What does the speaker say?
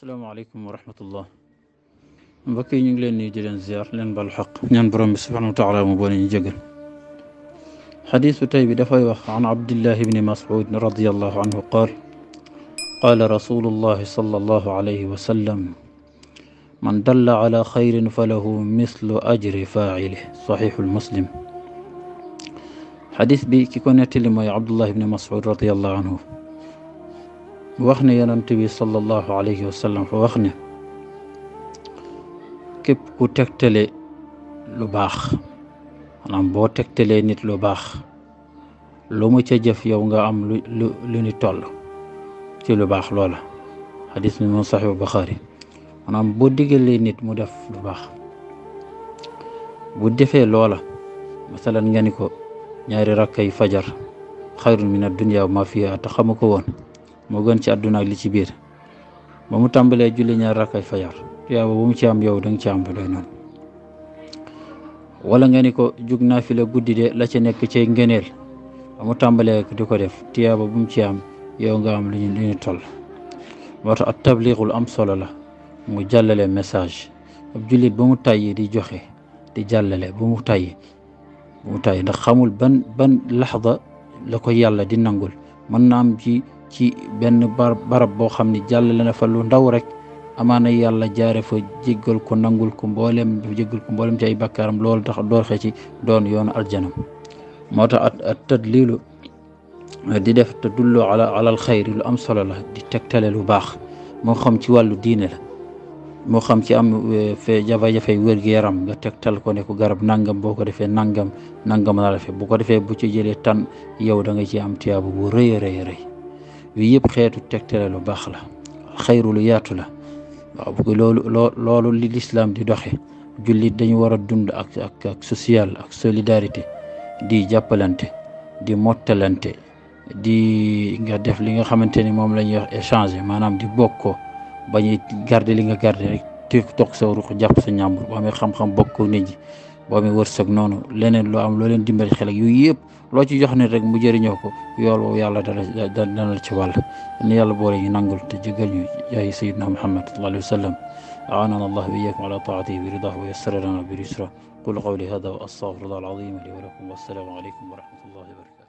salaamaaleykum wa rahmatullah mbokk yi ñu ngi leen nuyu di leen ziar leen balu xaq ñaan borom bi subhanahu wa taala mu boole ñu jégal xadiisu tey bi dafay wax an abdillahi bni mas'ud radiallahu anhu qaal qaala rasulullahi sallallahu alayhi wa sallam man dalla ala xayrin falahu mislu ajri faacilih saxiixul muslim xadiis bi ki ko nettali mooy abdullahi bni mas'ud radiallahu anhu وخنا ينتبي صلى الله عليه وسلم فوخنا كيف كو تكتلي لو باخ انا نعم، بو تكتلي نيت لو باخ لو ما تي جيف يوغا نغا ام لو ني تول تي لو باخ لولا حديث من صحيح البخاري انا نعم، بو ديغلي نيت مو داف لو باخ بو ديفه لولا مثلا غانيكو نياري ركاي فجر خير من الدنيا وما فيها تخمكو moo gën ci àdduna ak li ci biir ba mu tàmbalee julli ñaar rakkay fajar tuyaaba bu mu ci am yow danga ci am bu doy wala nga ni ko jug naa guddi de la ca nekk cay ngëneel ba mu tàmbalee di ko def tuyaaba bu mu ci am yow nga am lu ñu ñu toll moo tax ak tabliixul la mu jàllale message ab jullit ba mu tàyyi di joxe di jàllale ba mu tàyyi bu mu tàyyi ndax xamul ban ban laxda la ko yàlla di nangul mën na am ci ci benn barab boo xam ne jàll na fa lu ndaw rek na yàlla jaare fa jéggal ko nangul ko mbooleem jéggal ko mbooleem ci ay bakkaaram loolu tax doorxe ci doon yoonu aljanam moo tax at tadlilu di def te dullu ala alal xayri lu am solo la di tegtale lu baax moo xam ci wàllu diine moo xam ci am e, fe jafe-jafe wér-gu-yaram nga tegtal ko ne ko garab nangam boo ko defee nangam nangam la fe bu ko defee bu ci jëlee tan yow da nga ci am tiyaabu bu rëy a rëy wiyiɓe xeetu tegtale lu baax la xayru lu yaatu la waaw bu loolu loo loolu li lislaam di doxe jullit dañu war a dund ak ak ak social ak solidarité di jàppalante di mottalante di nga def li nga xamante ni moom wax échanger maanaam di bokkoo bañuy garder li nga garder rek te sa ruux jàpp sa ñàmbur bu amee xam-xam bokkoo nit ñi boo amee wërsëg noonu leneen loo am loo leen dimbali xel ak yooyu yëpp loo ci jox ne rek mu jëriñoo ko yool woowu yàlla dana dana ci wàll ni yàlla boole ñu nangul te jëgal ñu yaay sayidna muhammad sallallahu alayhi wa sallam aanana allah wa iyaakum ala taatihi bi ridah wa yassara lana bi yusra qul qawli hada wa astaghfirullah alazim li wa lakum wassalaamu aleykum wa rahmatullahi wa barakatu